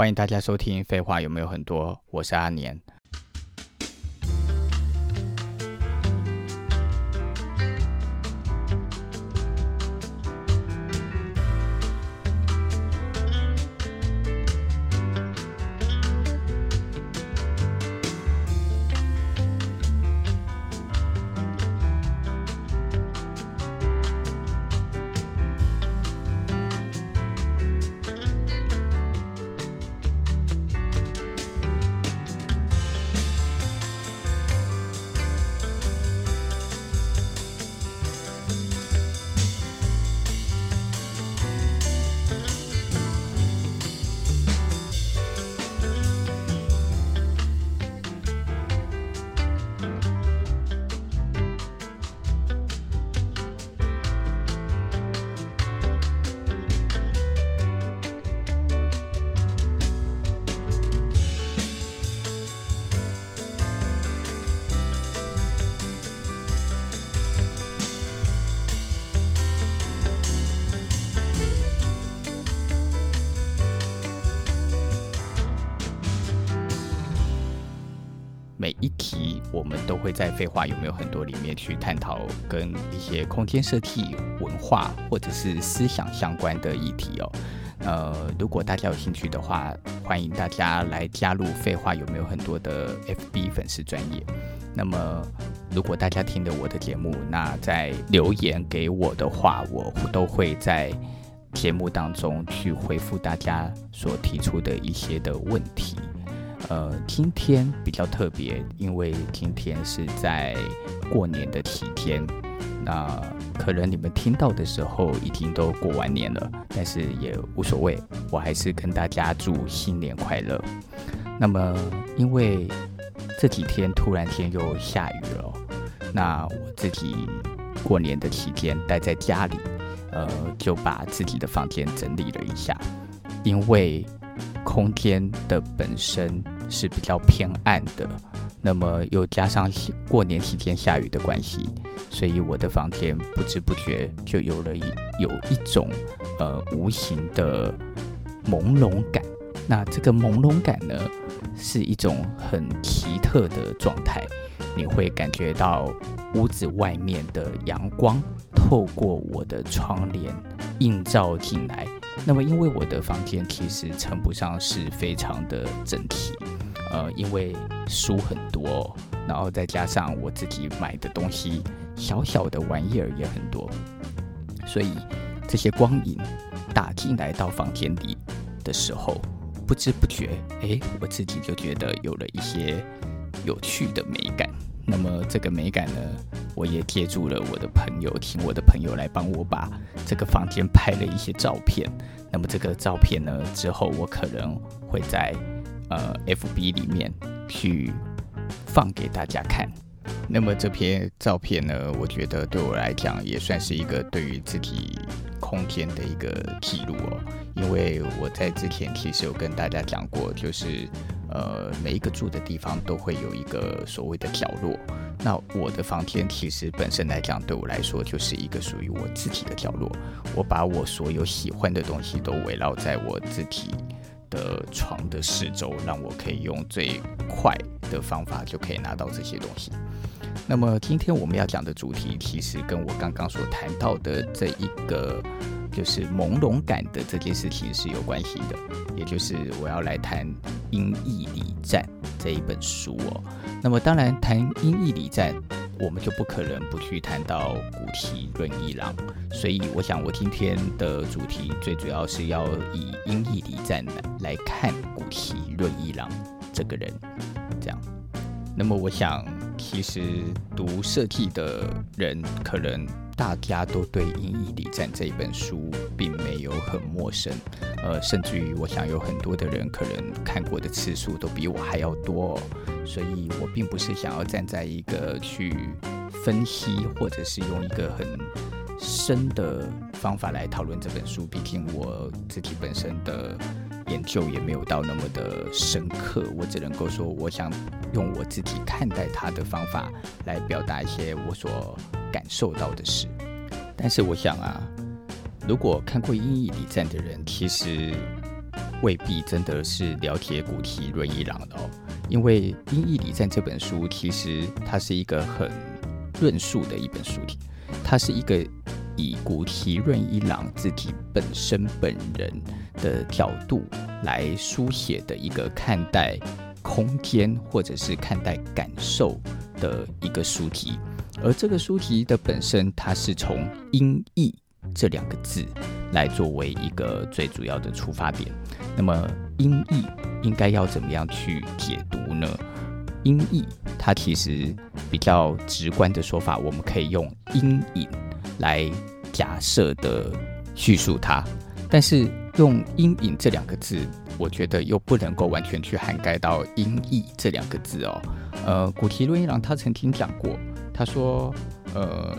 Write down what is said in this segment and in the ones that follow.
歡迎大家收聽，廢話有沒有很多？我是阿年。我們都會在“廢話有沒有很多”裡面去探討跟一些空間設計、文化或者是思想相關的議題哦。呃，如果大家有興趣的話，歡迎大家來加入“廢話有沒有很多”的 FB 粉絲專頁。那麼，如果大家聽了我的節目，那在留言給我的話，我都會在節目當中去回復大家所提出的一些的問題。呃，今天比較特別，因為今天是在過年的期間，那可能你們聽到的時候已經都過完年了，但是也無所謂，我還是跟大家祝新年快樂。那麼，因為這幾天突然間又下雨了，那我自己過年的期間待在家裡，呃，就把自己的房間整理了一下，因為。空間的本身是比較偏暗的，那麼又加上過年期間下雨的關係，所以我的房間不知不覺就有了一有一種呃無形的朦朧感。那這個朦朧感呢，是一種很奇特的狀態，你會感覺到屋子外面的陽光透過我的窗簾映照進來。那麼，因為我的房間其實稱不上是非常的整齊，呃，因為書很多，然後再加上我自己買的東西，小小的玩意兒也很多，所以這些光影打進來到房間裡的時候，不知不覺，誒，我自己就覺得有了一些有趣的美感。那麼這個美感呢，我也借助了我的朋友，請我的朋友來幫我把這個房間拍了一些照片。那麼這個照片呢，之後我可能會在呃 FB 裡面去放給大家看。那麼這篇照片呢，我覺得對我來講也算是一個對於自己空間的一個記錄哦，因為我在之前其實有跟大家講過，就是。呃，每一個住的地方都會有一個所謂的角落。那我的房間其實本身來講，對我來說就是一個屬於我自己的角落。我把我所有喜歡的東西都圍繞在我自己的床的四周，讓我可以用最快的方法就可以拿到這些東西。那麼今天我們要講的主題，其實跟我剛剛所談到的這一個。就是朦朧感的這件事情是有關係的，也就是我要來談《陰翳禮讚》這一本書哦。那麼當然談《陰翳禮讚》，我們就不可能不去談到谷崎潤一郎，所以我想我今天的主題最主要是要以《陰翳禮讚》來看谷崎潤一郎這個人，這樣。那麼我想，其實讀設計的人可能。大家都對《陰翳禮讚》這本書並沒有很陌生，呃，甚至於我想有很多的人可能看過的次數都比我還要多，哦，所以我並不是想要站在一個去分析，或者是用一個很深的方法來討論這本書。畢竟我自己本身的研究也沒有到那麼的深刻，我只能夠說，我想用我自己看待它的方法來表達一些我所。感受到的事，但是我想啊，如果看過《英譯禮讚》的人，其實未必真的是了解谷崎潤一郎的哦，因為《陰翳禮讚》這本書，其實它是一個很論述的一本書體，它是一個以谷崎潤一郎自己本身本人的角度來書寫的一個看待空間或者是看待感受的一個書體。而這個書籍的本身，它是從“陰翳”這兩個字來作為一個最主要的出發點。那麼，“陰翳”應該要怎麼樣去解讀呢？“陰翳”它其實比較直觀的說法，我們可以用“陰影”來假設的敘述它。但是用“陰影”這兩個字，我覺得又不能夠完全去涵蓋到“陰翳”這兩個字哦。呃，谷崎潤一郎他曾經講過。他說：“呃，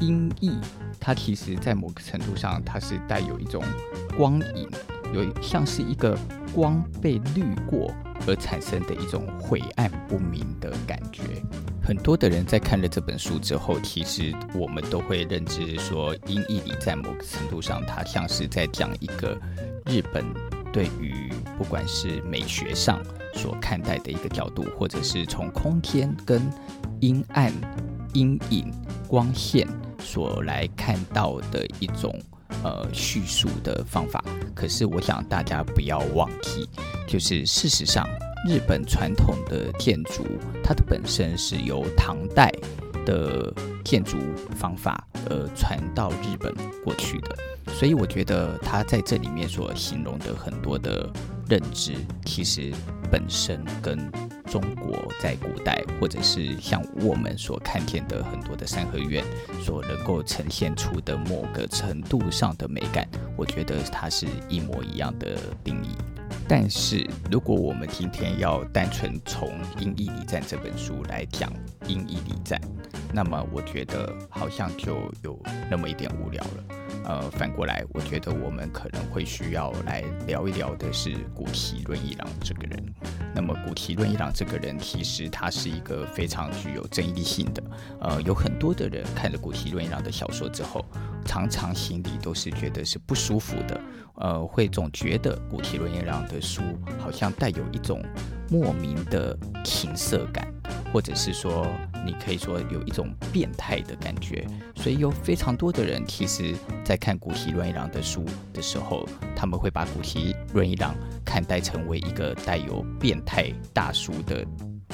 陰翳它其實，在某個程度上，它是帶有一種光影，有像是一個光被濾過而產生的一種晦暗不明的感覺。很多的人在看了這本書之後，其實我們都會認知說，陰翳裡在某個程度上，它像是在講一個日本對於不管是美學上所看待的一個角度，或者是從空間跟陰暗。”陰影、光線所來看到的一種呃敘述的方法。可是我想大家不要忘記，就是事實上，日本傳統的建築，它的本身是由唐代的建築方法而、呃、傳到日本過去的。所以我覺得他在這裡面所形容的很多的認知，其實本身跟中國在古代，或者是像我們所看見的很多的三合院所能夠呈現出的某個程度上的美感，我覺得它是一模一樣的定義。但是如果我們今天要單純從《陰翳禮讚》這本書來講《陰翳禮讚》。那麼我覺得好像就有那麼一點無聊了，呃，反過來，我覺得我們可能會需要來聊一聊的是谷崎潤一郎這個人。那麼，谷崎潤一郎這個人其實他是一個非常具有爭議性的，呃，有很多的人看了谷崎潤一郎的小說之後，常常心裡都是覺得是不舒服的，呃，會總覺得谷崎潤一郎的書好像帶有一種莫名的情色感。或者是說，你可以說有一種變態的感覺，所以有非常多的人，其實，在看谷崎潤一郎的書的時候，他們會把谷崎潤一郎看待成為一個帶有變態大叔的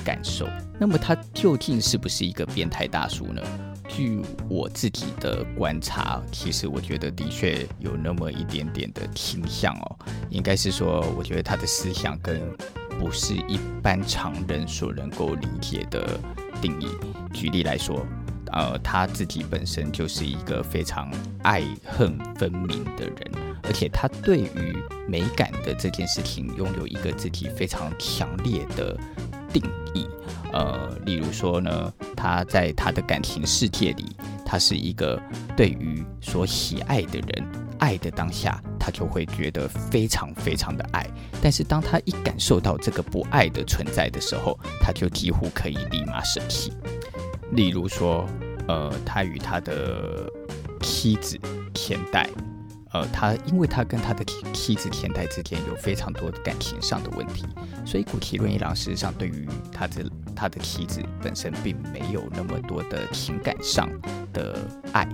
感受。那麼，他究竟是不是一個變態大叔呢？據我自己的觀察，其實我覺得的確有那麼一點點的傾向哦，應該是說，我覺得他的思想跟不是一般常人所能夠理解的定義。舉例來說，呃，他自己本身就是一個非常愛恨分明的人，而且他對於美感的這件事情擁有一個自己非常強烈的定義。呃，例如說呢，他在他的感情世界裡，他是一個對於所喜愛的人，愛的當下。他就會覺得非常非常的愛，但是當他一感受到這個不愛的存在的時候，他就幾乎可以立馬捨棄。例如說，呃，他與他的妻子田代，呃，他因為他跟他的妻子田代之間有非常多的感情上的問題，所以谷崎潤一郎事實上對於他的他的妻子本身並沒有那麼多的情感上的愛。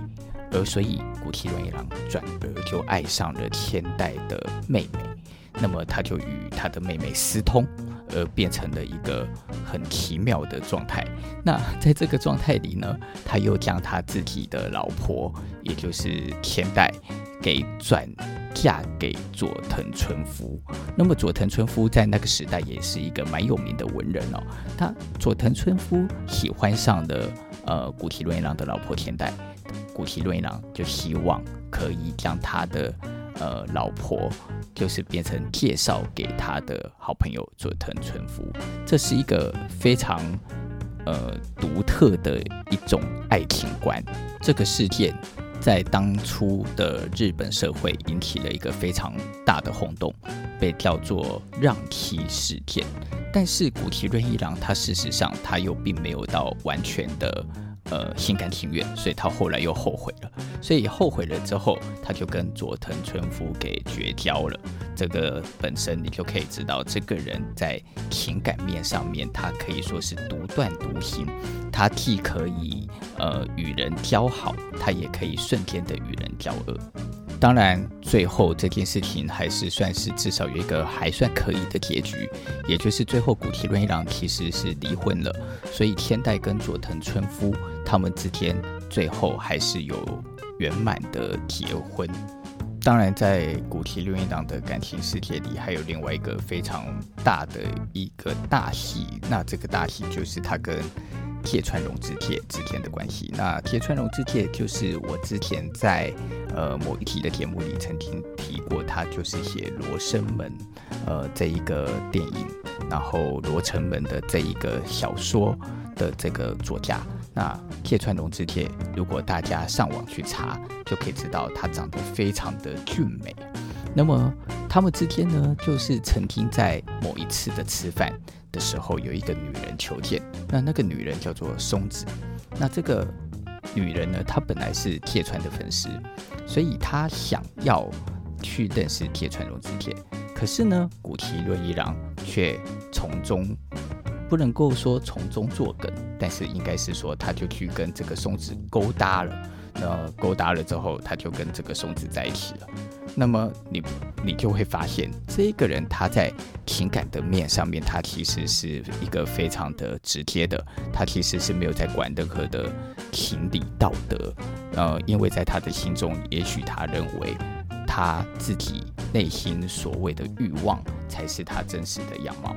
所以，谷崎潤一郎轉而就愛上了千代的妹妹，那麼他就與他的妹妹私通，而變成了一個很奇妙的狀態。那在這個狀態裡呢，他又將他自己的老婆，也就是千代，給轉嫁給佐藤春夫。那麼佐藤春夫在那個時代也是一個蠻有名的文人哦。他佐藤春夫喜歡上的，呃，谷崎潤一郎的老婆千代。谷崎潤一郎就希望可以將他的呃老婆，就是變成介紹給他的好朋友佐藤純夫。這是一個非常呃獨特的一種愛情觀。這個事件在當初的日本社會引起了一個非常大的轟動，被叫做讓妻事件。但是谷崎潤一郎他事實上他又並沒有到完全的。呃，心甘情願，所以他後來又後悔了，所以後悔了之後，他就跟佐藤春夫給絕交了。這個本身你就可以知道，這個人在情感面上面，他可以說是獨斷獨行，他既可以呃與人交好，他也可以瞬間的與人交惡。當然，最後這件事情還是算是至少有一個還算可以的結局，也就是最後谷崎潤一郎其實是離婚了，所以千代跟佐藤春夫他們之間最後還是有圓滿的結婚。當然，在谷崎潤一郎的感情世界裡，還有另外一個非常大的一個大戲，那這個大戲就是他跟。芥川龍之介之間的關係。那芥川龍之介就是我之前在呃某一集的節目裡曾經提過，他就是寫《羅生門》呃這一個電影，然後《羅生門》的這一個小說的這個作家。那芥川龍之介，如果大家上網去查，就可以知道他長得非常的俊美。那麼他們之間呢，就是曾經在某一次的吃飯的時候，有一個女人求見。那那個女人叫做松子。那這個女人呢，她本來是芥川的粉絲，所以她想要去認識芥川龍之介。可是呢，谷崎潤一郎卻從中不能夠說從中作梗，但是應該是說他就去跟這個松子勾搭了。那勾搭了之後，他就跟這個松子在一起了。那麼你，你就會發現這個人他在情感的面上面，他其實是一個非常的直接的，他其實是沒有在管任何的情理道德，呃，因為在他的心中，也許他認為他自己內心所謂的欲望才是他真實的樣貌，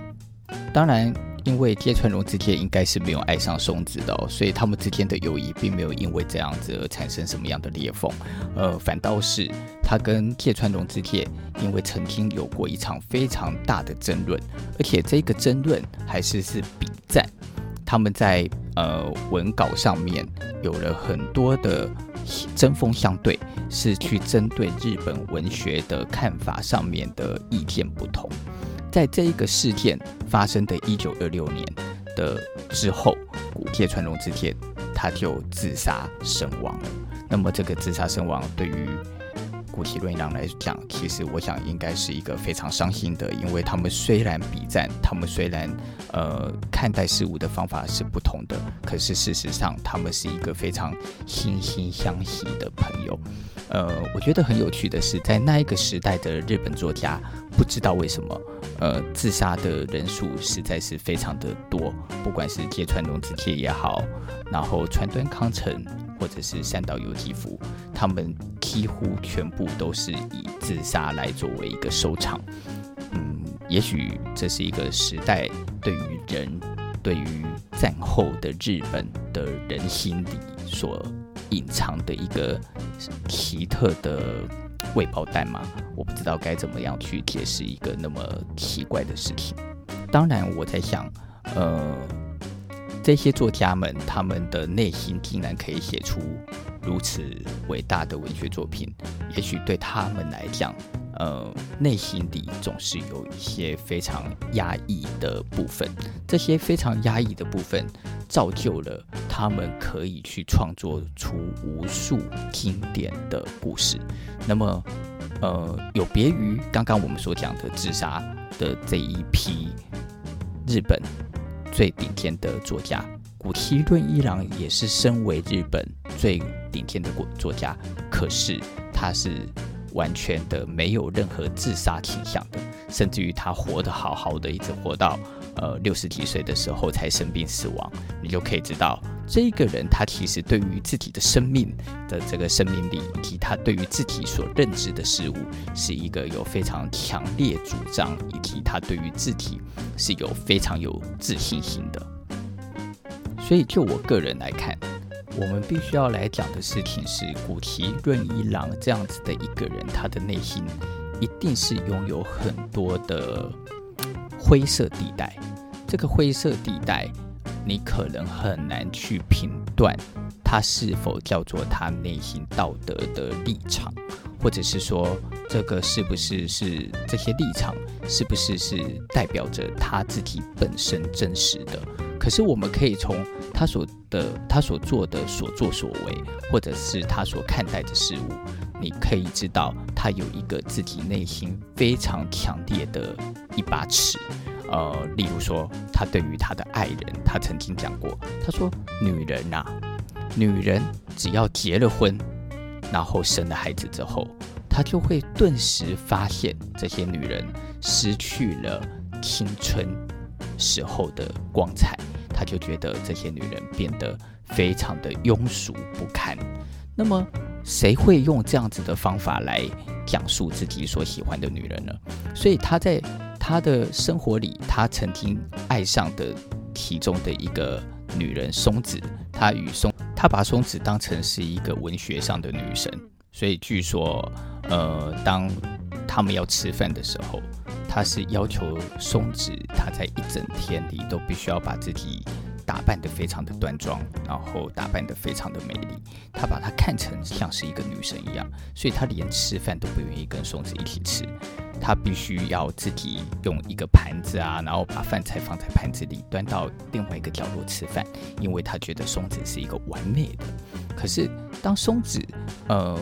當然。因為芥川龍之介應該是沒有愛上松子的哦，所以他們之間的友誼並沒有因為這樣子而產生什麼樣的裂縫。呃，反倒是他跟芥川龍之介因為曾經有過一場非常大的爭論，而且這個爭論還是是筆戰。他們在呃文稿上面有了很多的針鋒相對，是去針對日本文學的看法上面的意見不同。在這一個事件發生的一九二六年，的之後，芥川龍之介他就自殺身亡。那麼，這個自殺身亡對於……文體論上來講，其實我想應該是一個非常傷心的，因為他們雖然筆戰，他們雖然呃看待事物的方法是不同的，可是事實上他們是一個非常惺惺相惜的朋友。呃，我覺得很有趣的是，在那一個時代的日本作家，不知道為什麼，呃，自殺的人數實在是非常的多，不管是芥川龍之介也好，然後川端康成。或者是三島由紀夫，他們幾乎全部都是以自殺來作為一個收場。嗯，也許這是一個時代對於人，對於戰後的日本的人心裡所隱藏的一個奇特的未爆彈嗎？我不知道該怎麼樣去解釋一個那麼奇怪的事情。當然，我在想，呃。這些作家們，他們的內心竟然可以寫出如此偉大的文學作品，也許對他們來講，呃，內心裡總是有一些非常壓抑的部分。這些非常壓抑的部分，造就了他們可以去創作出無數經典的故事。那麼，呃，有別於剛剛我們所講的自殺的這一批日本。最頂天的作家谷崎潤一郎也是身為日本最頂天的國作家，可是他是完全的沒有任何自殺傾向的，甚至於他活得好好的，一直活到。呃，六十幾歲的時候才生病死亡，你就可以知道這個人他其實對於自己的生命的這個生命力，以及他對於自己所認知的事物，是一個有非常強烈主張，以及他對於自己是有非常有自信心的。所以就我個人來看，我們必須要來講的事情是，谷崎潤一郎這樣子的一個人，他的內心一定是擁有很多的。灰色地帶，這個灰色地帶，你可能很難去評斷它，是否叫做他內心道德的立場，或者是說這個是不是是這些立場，是不是是代表着他自己本身真實的？可是我們可以從他所的他所做的所作所為，或者是他所看待的事物。你可以知道，他有一個自己內心非常強烈的一把尺。呃，例如說，他對於他的愛人，他曾經講過，他說：“女人啊，女人只要結了婚，然後生了孩子之後，他就會頓時發現這些女人失去了青春時候的光彩，他就覺得這些女人變得非常的庸俗不堪。”那麼，誰會用這樣子的方法來講述自己所喜歡的女人呢？所以他在他的生活裡，他曾經愛上的其中的一個女人松子，他與松，他把松子當成是一個文學上的女神。所以據說，呃，當他們要吃飯的時候，他是要求松子她在一整天裡都必須要把自己，打扮得非常的端莊，然後打扮得非常的美麗，他把她看成像是一個女神一樣，所以他連吃飯都不願意跟松子一起吃，他必須要自己用一個盤子啊，然後把飯菜放在盤子裡，端到另外一個角落吃飯，因為他覺得松子是一個完美的。可是當松子呃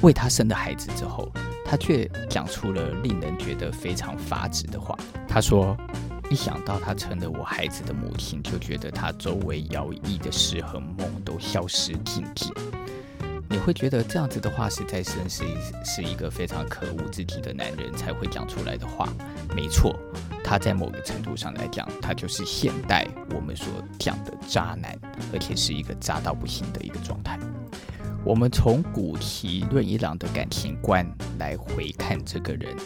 為他生的孩子之後，他卻講出了令人覺得非常髮指的話，他說。一想到她成了我孩子的母親，就覺得她周圍搖曳的詩和夢都消失殆盡。你會覺得這樣子的話實在是是一個非常可惡至極的男人才會講出來的話。沒錯，他在某個程度上來講，他就是現代我們所講的渣男，而且是一個渣到不行的一個狀態。我們從谷崎潤一郎的感情觀來回看這個人，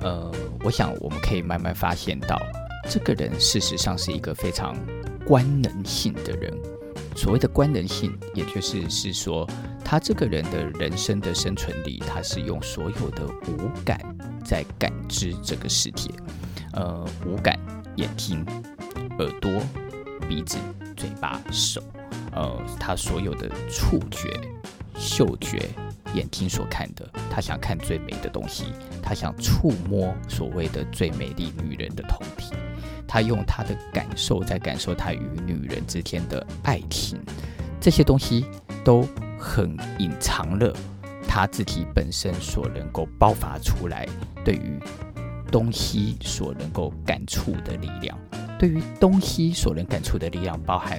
呃，我想我們可以慢慢發現到。這個人事實上是一個非常官能性的人。所謂的官能性，也就是是說，他這個人的人生的生存力，他是用所有的五感在感知這個世界。呃，五感：眼睛、耳朵、鼻子、嘴巴、手。呃，他所有的觸覺、嗅覺、眼睛所看的，他想看最美的東西，他想觸摸所謂的最美麗女人的胴體。他用他的感受在感受他與女人之間的愛情，這些東西都很隱藏了他自己本身所能夠爆發出來對於東西所能夠感觸的力量，對於東西所能感觸的力量，包含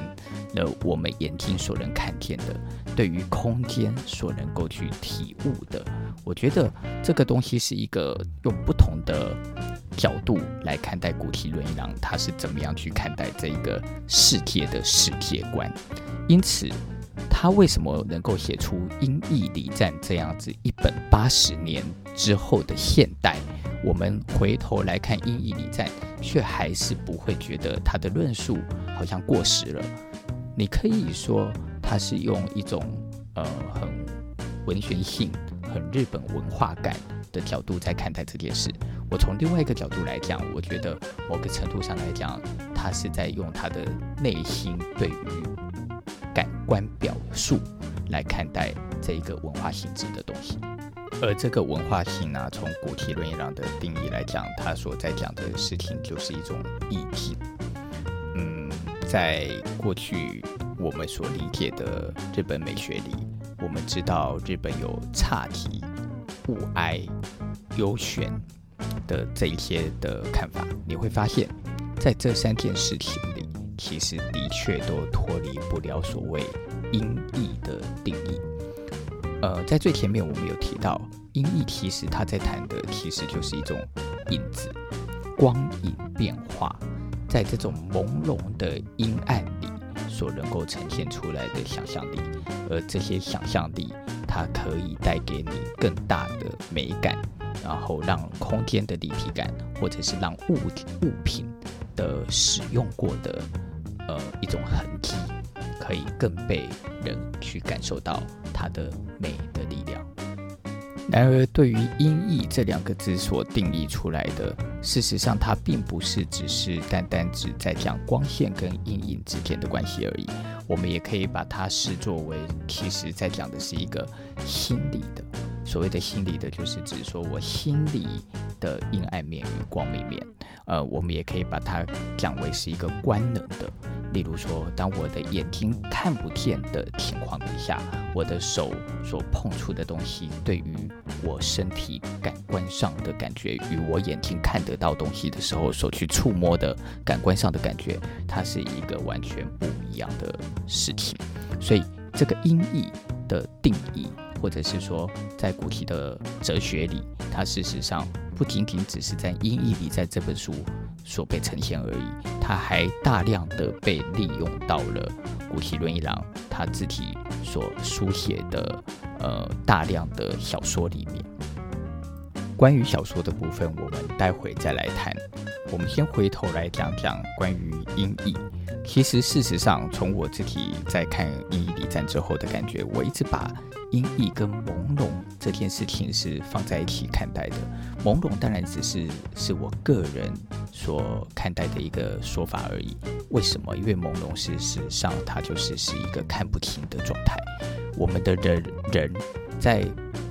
了我們眼睛所能看見的，對於空間所能夠去體悟的。我覺得這個東西是一個用不同的角度來看待谷崎潤一郎，他是怎麼樣去看待這個世界的世界觀？因此，他為什麼能夠寫出《陰翳禮讚》這樣子一本八十年之後的現代？我們回頭來看《陰翳禮讚》，卻還是不會覺得他的論述好像過時了。你可以說，他是用一種呃很文學性、很日本文化感。角度在看待這件事，我從另外一個角度來講，我覺得某個程度上來講，他是在用他的內心對於感官表述來看待這一個文化性質的東西。而這個文化性呢、啊，從谷崎潤一郎的定義來講，他所在講的事情就是一種意境。嗯，在過去我們所理解的日本美學裡，我們知道日本有侘寂、物哀、幽玄的這一些的看法，你會發現，在這三件事情裡，其實的確都脫離不了所謂陰翳的定義。呃，在最前面我們有提到，陰翳其實他在談的其實就是一種影子、光影變化，在這種朦朧的陰暗裡。所能夠呈現出來的想象力，而這些想象力，它可以帶給你更大的美感，然後讓空間的立體感，或者是讓物物品的使用過的呃一種痕跡，可以更被人去感受到它的美的力量。然而，對於“陰翳”這兩個字所定義出來的，事實上，它並不是只是單單只在講光線跟陰影之間的關係而已。我們也可以把它視作為，其實在講的是一個心理的，所謂的心理的，就是指說我心裡的陰暗面與光明面。呃，我們也可以把它講為是一個官能的。例如說，當我的眼睛看不見的情況底下，我的手所碰觸的東西，對於我身體感官上的感覺，與我眼睛看得到東西的時候所去觸摸的感官上的感覺，它是一個完全不一樣的事情。所以，這個陰翳的定義，或者是說，在谷崎的哲學裡，它事實上不僅僅只是在陰翳裡，在這本書。所被呈現而已，他還大量的被利用到了谷崎潤一郎他自己所書寫的呃大量的小說裡面。關於小說的部分，我們待會再來談。我們先回頭來講講關於陰翳。其實事實上，從我自己在看陰翳《禮讚》之後的感覺，我一直把陰翳跟朦朧這件事情是放在一起看待的。朦朧當然只是是我個人所看待的一個說法而已。為什麼？因為朦朧是事實上它就是是一個看不清的狀態。我們的人人在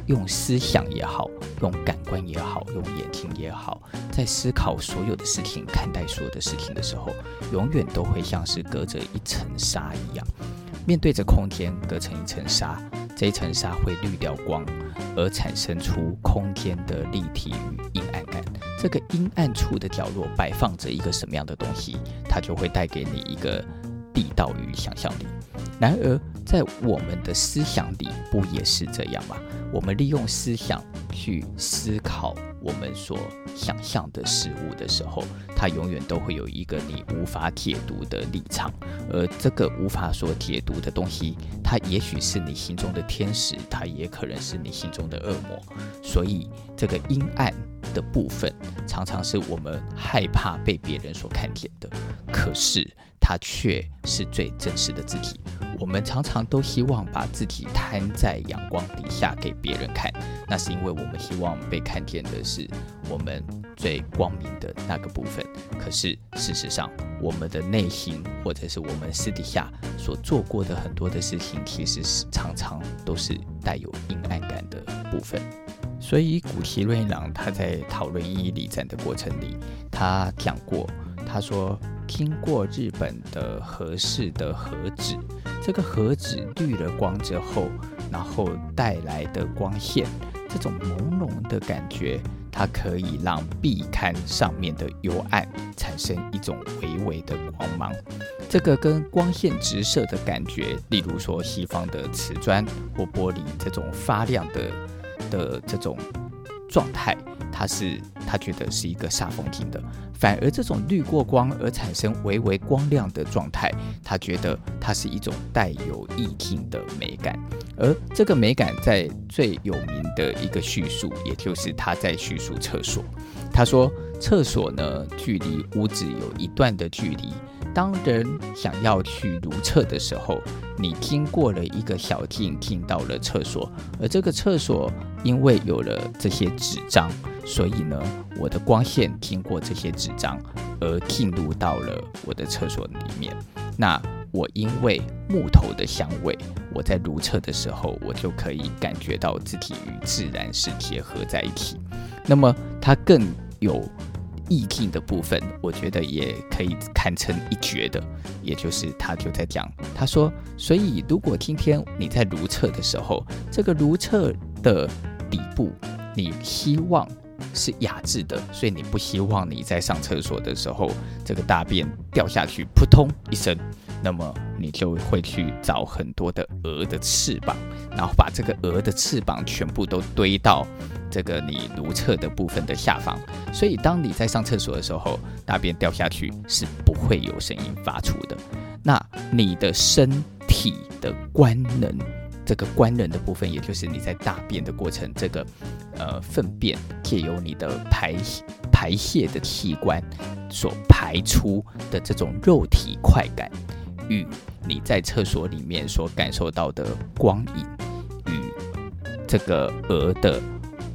用思想也好，用感官也好，用眼睛也好，在思考所有的事情、看待所有的事情的時候，永遠都會像是隔着一層紗一樣。面對着空間，隔成一層紗，這一層紗會濾掉光，而產生出空間的立體與陰暗感。這個陰暗處的角落擺放着一個什麼樣的東西，它就會帶給你一個地道與想象力。然而，在我們的思想裡，不也是這樣嗎？我們利用思想去思考我們所想象的事物的時候，它永遠都會有一個你無法解讀的立場。而這個無法所解讀的東西，它也許是你心中的天使，它也可能是你心中的惡魔。所以，這個陰暗的部分，常常是我們害怕被別人所看見的。可是，他卻是最真實的自己。我們常常都希望把自己攤在陽光底下給別人看，那是因為我們希望被看見的是我們最光明的那個部分。可是事實上，我們的內心或者是我們私底下所做過的很多的事情，其實是常常都是帶有陰暗感的部分。所以，谷崎潤一郎他在討論陰翳禮讚的過程裡，他講過。他說：“經過日本的和式的盒子，這個盒子濾了光之後，然後帶來的光線，這種朦朧的感覺，它可以讓壁龕上面的幽暗產生一種微微的光芒。這個跟光線直射的感覺，例如說西方的瓷磚或玻璃這種發亮的的這種。”狀態，他是他覺得是一個煞風景的，反而這種濾過光而產生微微光亮的狀態，他覺得它是一種帶有意境的美感，而這個美感在最有名的一個敘述，也就是他在敘述廁所，他說廁所呢，距離屋子有一段的距離。當人想要去如廁的時候，你經過了一個小徑，進到了廁所。而這個廁所因為有了這些紙張，所以呢，我的光線經過這些紙張，而進入到了我的廁所裡面。那我因為木頭的香味，我在如廁的時候，我就可以感覺到自己與自然是結合在一起。那麼它更有。意境的部分，我覺得也可以堪稱一絕的，也就是他就在講，他說，所以如果今天你在如廁的時候，這個如廁的底部，你希望是雅致的，所以你不希望你在上廁所的時候，這個大便掉下去，撲通一聲。那麼你就會去找很多的鵝的翅膀，然後把這個鵝的翅膀全部都堆到這個你如廁的部分的下方。所以，當你在上廁所的時候，大便掉下去是不會有聲音發出的。那你的身體的官能，這個官能的部分，也就是你在大便的過程，這個呃糞便借由你的排排泄的器官所排出的這種肉體快感。與你在廁所裡面所感受到的光影，與這個鵝的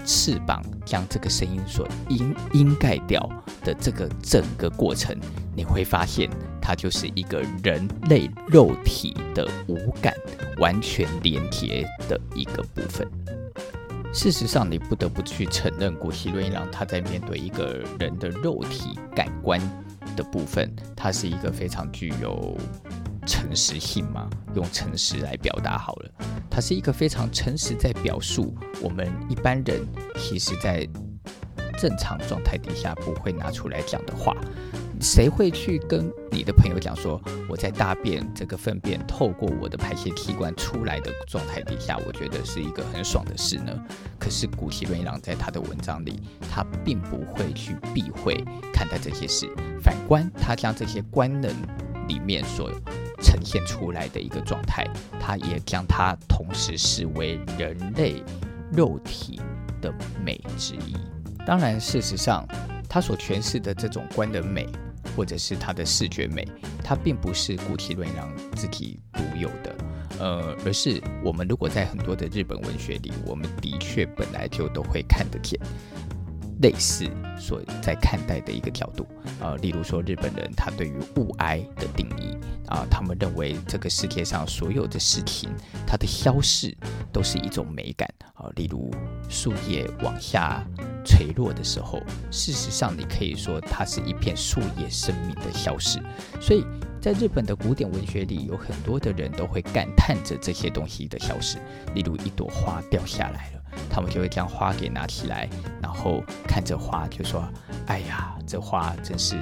翅膀將這個聲音所掩蓋掉的這個整個過程，你會發現它就是一個人類肉體的五感完全連結的一個部分。事實上，你不得不去承認，谷崎潤一郎，他在面對一個人的肉體感官的部分，它是一個非常具有。誠實性嗎？用誠實來表達好了。他是一個非常誠實，在表述，我們一般人其實在正常狀態底下不會拿出來講的話。誰會去跟你的朋友講說，我在大便這個糞便透過我的排泄器官出來的狀態底下，我覺得是一個很爽的事呢？可是谷崎潤一郎在他的文章裡，他並不會去避諱看待這些事。反觀他將這些官能裡面所呈現出來的一個狀態，它也將它同時視為人類肉體的美之一。當然，事實上，他所詮釋的這種觀的美，或者是他的視覺美，它並不是谷崎潤一郎自己獨有的，呃，而是我們如果在很多的日本文學裡，我們的確本來就都會看得見。類似所在看待的一個角度，啊、呃，例如說日本人他對於物哀的定義啊、呃，他們認為這個世界上所有的事情它的消逝都是一種美感啊、呃，例如樹葉往下垂落的時候，事實上你可以說它是一片樹葉生命的消逝，所以在日本的古典文學裡，有很多的人都會感嘆着這些東西的消失，例如一朵花掉下來了。他們就會將花給拿起來，然後看着花就說：“哎呀，這花真是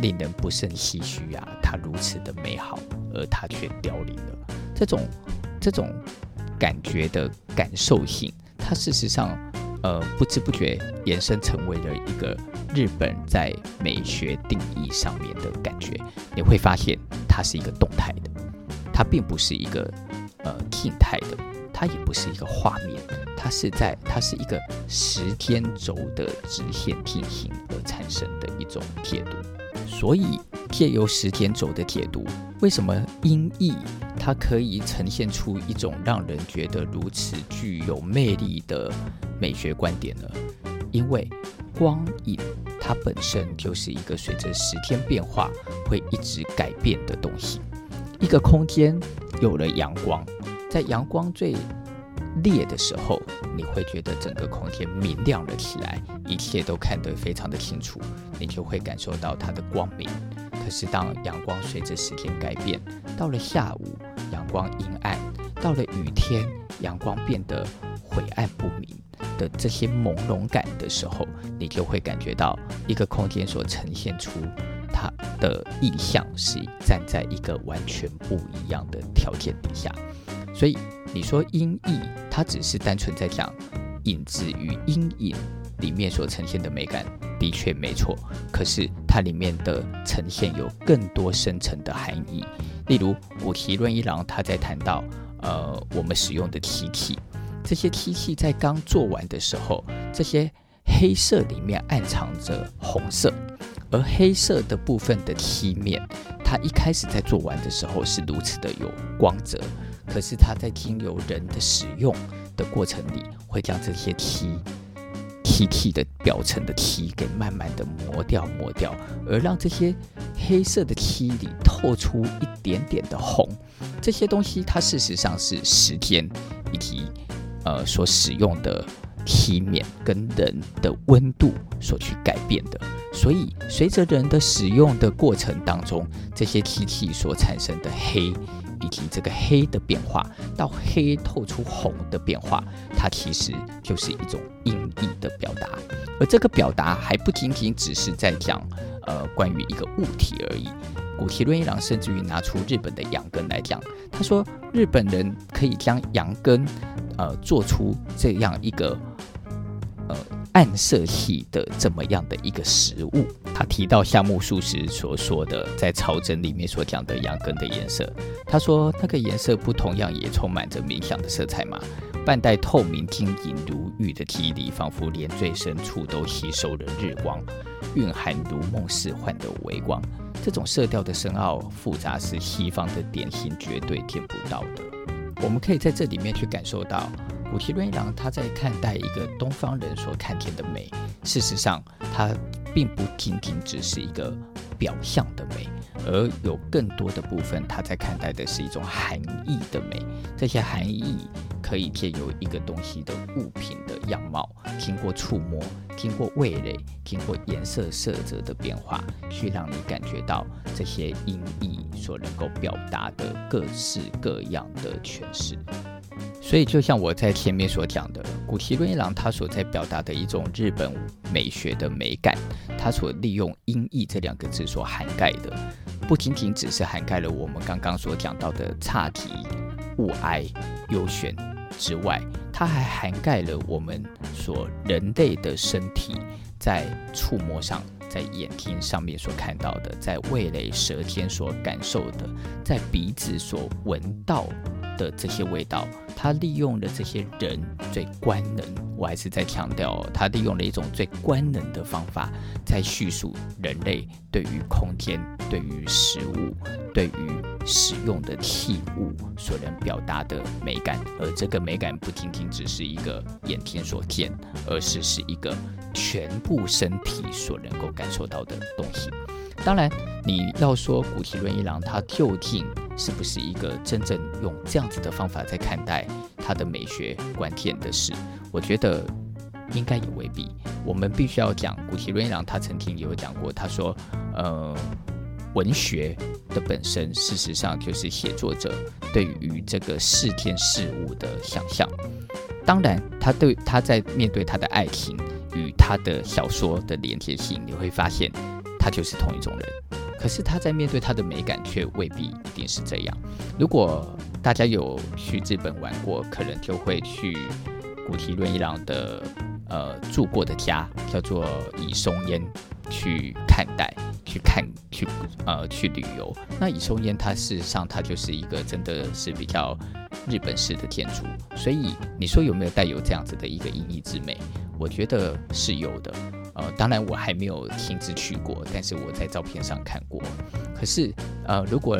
令人不勝唏噓呀！它如此的美好，而它卻凋零了。”這種這種感覺的感受性，它事實上呃不知不覺延伸成為了一個日本在美學定義上面的感覺。你會發現，它是一個動態的，它並不是一個呃靜態的。它也不是一個畫面，它是在，它是一個時間軸的直線平行而產生的一種解讀。所以借由時間軸的解讀，為什麼陰翳它可以呈現出一種讓人覺得如此具有魅力的美學觀點呢？因為光影它本身就是一個隨着時間變化會一直改變的東西。一個空間有了陽光。在陽光最烈的時候，你會覺得整個空間明亮了起來，一切都看得非常的清楚，你就會感受到它的光明。可是，當陽光隨着時間改變，到了下午，陽光陰暗；到了雨天，陽光變得晦暗不明的這些朦朧感的時候，你就會感覺到一個空間所呈現出它的意象是站在一個完全不一樣的條件底下。所以你說陰翳，它只是單純在講影子與陰影裡面所呈現的美感，的確沒錯。可是它裡面的呈現有更多深層的含義。例如谷崎潤一郎他在談到，呃，我們使用的漆器，這些漆器在剛做完的時候，這些黑色裡面暗藏着紅色，而黑色的部分的漆面，它一開始在做完的時候是如此的有光澤。可是它在經由人的使用的過程裡，會將這些漆漆器的表層的漆給慢慢的磨掉、磨掉，而讓這些黑色的漆裡透出一點點的紅。這些東西它事實上是時間以及呃所使用的漆面跟人的溫度所去改變的。所以隨着人的使用的過程當中，這些漆器所產生的黑，以及這個黑的變化到黑透出紅的變化，它其實就是一種陰翳的表達。而這個表達還不僅僅只是在講呃關於一個物體而已。谷崎潤一郎甚至於拿出日本的羊羹來講，他說日本人可以將羊羹呃做出這樣一個。暗色系的這麼樣的一個食物，他提到夏目漱石所說的在《草枕》裡面所講的羊羹的顏色，他說那個顏色不同樣也充滿着冥想的色彩嗎？半帶透明、晶瑩如玉的肌理，仿佛連最深處都吸收了日光，蘊含如夢似幻的微光。這種色調的深奧複雜是西方的點心，絕對見不到的。我們可以在這裡面去感受到。谷崎潤一郎他在看待一個東方人所看見的美，事實上，他並不僅僅只是一個表象的美，而有更多的部分，他在看待的是一種含義的美。這些含義可以借由一個東西的物品的樣貌，經過觸摸，經過味蕾，經過，經過顏色色澤的變化，去讓你感覺到這些意義所能夠表達的各式各樣的詮釋。所以，就像我在前面所講的，谷崎潤一郎他所在表達的一種日本美學的美感，他所利用“陰翳”這兩個字所涵蓋的，不僅僅只是涵蓋了我們剛剛所講到的侘寂、物哀、幽玄之外，它還涵蓋了我們所人類的身體在觸摸上、在眼睛上面所看到的，在味蕾、舌尖所感受的，在鼻子所聞到的這些味道，他利用了這些人最官能，我還是在強調哦，他利用了一種最官能的方法，在敘述人類對於空間、對於食物、對於使用的器物所能表達的美感，而這個美感不僅僅只是一個眼天所見，而是是一個全部身體所能夠感受到的東西。當然，你要說谷崎潤一郎他究竟是不是一個真正用這樣子的方法在看待他的美學觀點的事，我覺得應該也未必。我們必須要講谷崎潤一郎，他曾經也有講過，他說：“呃，文學的本身事實上就是寫作者對於這個世間事物的想象。”當然，他對他在面對他的愛情與他的小說的連結性，你會發現。他就是同一種人，可是他在面對他的美感，卻未必一定是這樣。如果大家有去日本玩過，可能就會去谷崎潤一郎的呃住過的家，叫做倚松庵去看待、去看、去呃去旅遊。那倚松庵它事實上它就是一個真的是比較日本式的建築，所以你說有沒有帶有這樣子的一個陰翳之美？我覺得是有的。呃，當然我還沒有親自去過，但是我在照片上看過。可是，呃，如果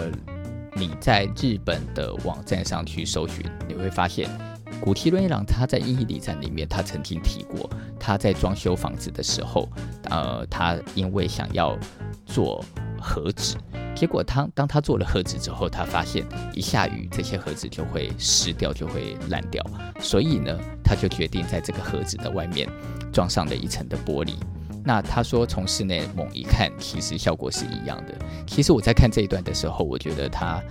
你在日本的網站上去搜尋，你會發現。谷崎潤一郎他在《陰翳禮讚》裡面，他曾經提過，他在裝修房子的時候，呃，他因為想要做盒子，結果他當他做了盒子之後，他發現一下雨這些盒子就會濕掉，就會爛掉，所以呢，他就決定在這個盒子的外面裝上了一層的玻璃。那他說從室內猛一看，其實效果是一樣的。其實我在看這一段的時候，我覺得他。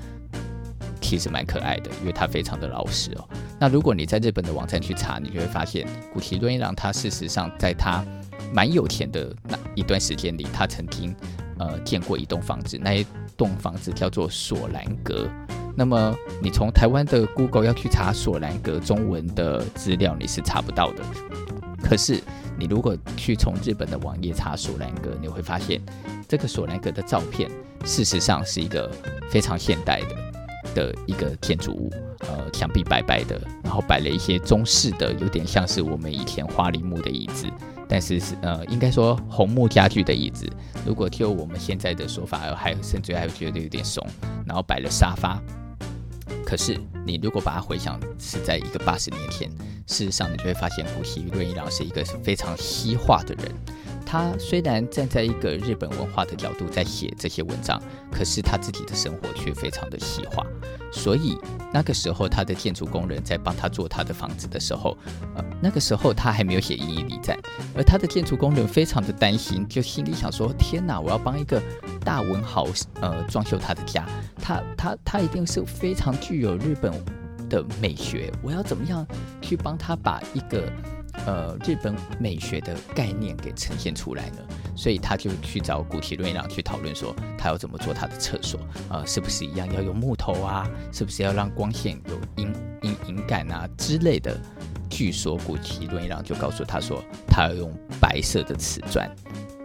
其實蠻可愛的，因為他非常的老實哦。那如果你在日本的網站去查，你就會發現谷崎潤一郎他事實上在他蠻有錢的那一段時間裡，他曾經呃建過一棟房子，那一棟房子叫做索蘭格。那麼你從台灣的 Google 要去查索蘭格中文的資料，你是查不到的。可是你如果去從日本的網頁查索蘭格，你會發現這個索蘭格的照片，事實上是一個非常現代的。的一個建築物，呃，牆壁白白的，然後擺了一些中式的，有點像是我們以前花梨木的椅子，但是是呃，應該說紅木家具的椅子。如果就我們現在的說法，還甚至還覺得有點慫。然後擺了沙發，可是你如果把它回想，是在一個八十年前，事實上你就會發現，谷崎潤一郎是一個非常西化的人。他雖然站在一個日本文化的角度在寫這些文章，可是他自己的生活卻非常的西化。所以那個時候，他的建築工人在幫他做他的房子的時候，呃，那個時候他還沒有寫《陰翳禮讚》，而他的建築工人非常的擔心，就心裡想說：天哪，我要幫一個大文豪，呃，裝修他的家，他他他一定是非常具有日本的美學，我要怎麼樣去幫他把一個。呃，日本美學的概念給呈現出來了，所以他就去找谷崎潤一郎去討論說，他要怎麼做他的廁所，呃，是不是一樣要用木頭啊？是不是要讓光線有陰影影感啊之類的？據說谷崎潤一郎就告訴他說，他要用白色的瓷磚，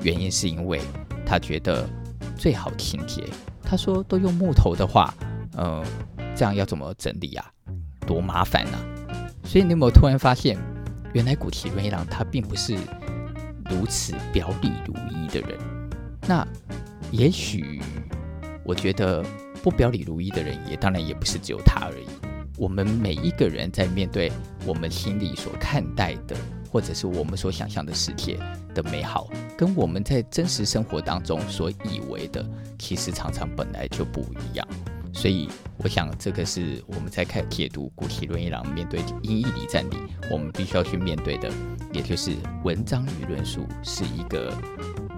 原因是因為他覺得最好清潔。他說，都用木頭的話，嗯、呃，這樣要怎麼整理呀、啊？多麻煩吶、啊！所以你有沒有突然發現？原來谷崎潤一郎他並不是如此表裡如一的人，那也許我覺得不表裡如一的人也當然也不是只有他而已。我們每一個人在面對我們心裡所看待的，或者是我們所想象的世界的美好，跟我們在真實生活當中所以為的，其實常常本來就不一樣。所以，我想這個是我們在看解讀谷崎潤一郎面對陰翳禮讚裡我們必須要去面對的，也就是文章與論述是一個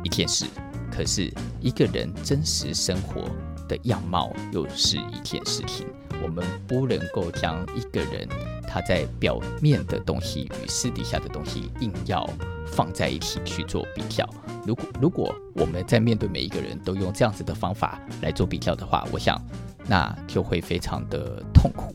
一件事，可是一個人真實生活的樣貌又是一件事情。我們不能夠將一個人他在表面的東西與私底下的東西硬要放在一起去做比較。如果如果我們在面對每一個人都用這樣子的方法來做比較的話，我想。那就會非常的痛苦。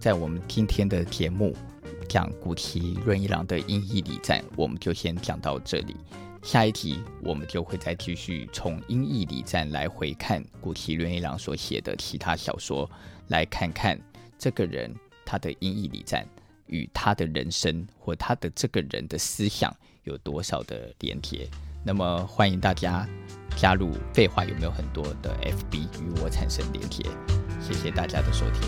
在我們今天的節目講谷崎潤一郎的《陰翳禮讚》，我們就先講到這裡。下一集我們就會再繼續從《陰翳禮讚》來回看谷崎潤一郎所寫的其他小說，來看看這個人他的音裡《陰翳禮讚》，與他的人生，或他的這個人的思想有多少的連結？那麼歡迎大家加入廢話有沒有很多的 FB 與我產生連結？謝謝大家的收聽。